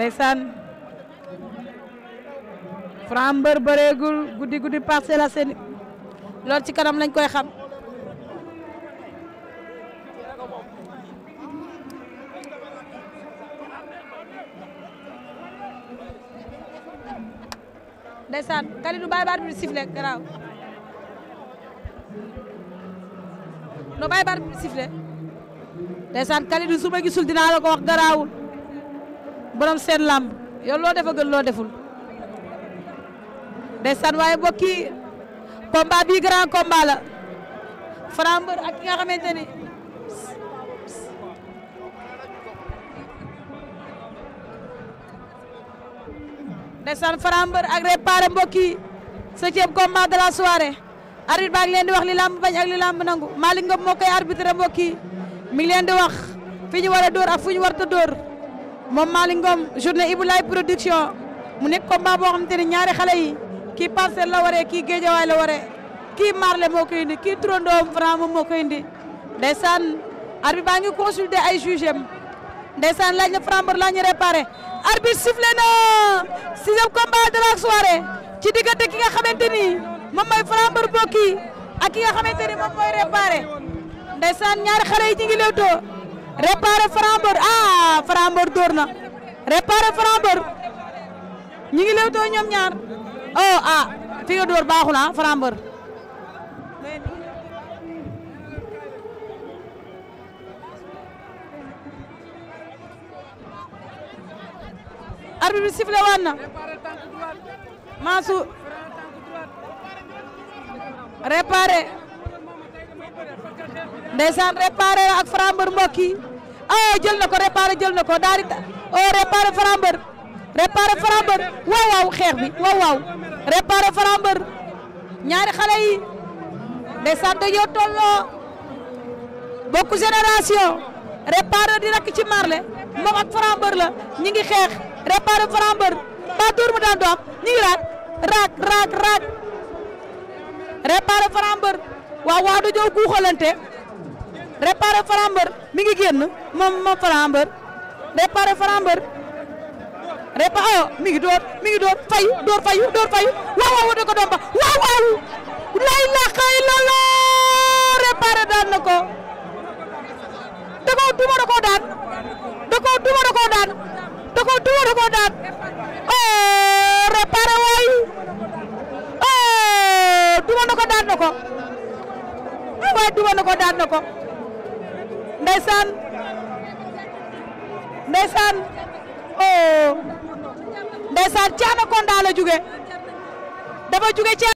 ndeysaan Franc mbër bëreegul guddi guddi Parcelles Assainies loolu ci kanam lañ koy xam ndeysaan Kalidou bàyyi baat bi di sifflé garaaw no bàyyi baat bi di sifflé ndeysaan Kalidou su ma gisul dinaa la ko wax borom seen làmb yow loo def gën loo deful ndeysaan waaye mbokk yi combat bii grand ak ki nga xamante ni ndeysaan Franc Mbeur ak Réparé mbokk yi septième combat de la soirée arbitre baa ngi leen wax li làmb bañ ak li làmb nangu Malick Ngom moo arbitre mbokk yi mi ngi leen di wax fi ñu war a dóor ak fu warta dóor moom Malick Ngom journée Iboulaye production mu nekk combat boo xamante ni ñaari xale yi kii parcelle la waree kii géejawaay la waree kii marle moo koy indi kii turandoom Franc moom moo koy indi ndeysaan arbitre baa ngi ay jugem ndeysaan laaj na Franc Mbeur laaj ñu réparé arbitre sifflé na sixième combat de la soirée ci diggante ki nga xamante ni moom mooy Franc Mbeur bokki a ki nga xamante ni moom mooy réparé ndeysaan ñaari xale yi ñu ngi lewtoo réparé na Franc Mbeur dóor na réparé Franc ngi lewtoo ñoom ñaar oh ah fi nga dóor baaxul ah Franc Mbeur arbitre bi sifflé waat na Mansour ah jël na ko réparé jël na ko daal di oh réparé Franc Mbeur réparé xeex bi waaw waaw réparé ñaari xale yi ndeysaan dañoo tolloo bokku génération réparé di rakk ci marle moom ak Franc Mbeur la ñi xeex réparé Franc Mbeur ba mu daan do am ñi ngi raak raak raak raak réparé Franc Mbeur waaw réparé Franc Mbeur mi ngi génn moom moom Franc Mbeur réparé Franc Mbeur répa oh, mi ngi door mi ngi door fayu door fayu door fayu waaw waaw ko doon ba waaw waaw la ilaha illallah daan na ko da koo duma da koo daan da koo duma da koo daan da koo duma da koo daan oh réparé waay oh duma na ko daan na ko ndeysaan ndeysaan oh ndeysaan Caana Konda la jóge dafa jóge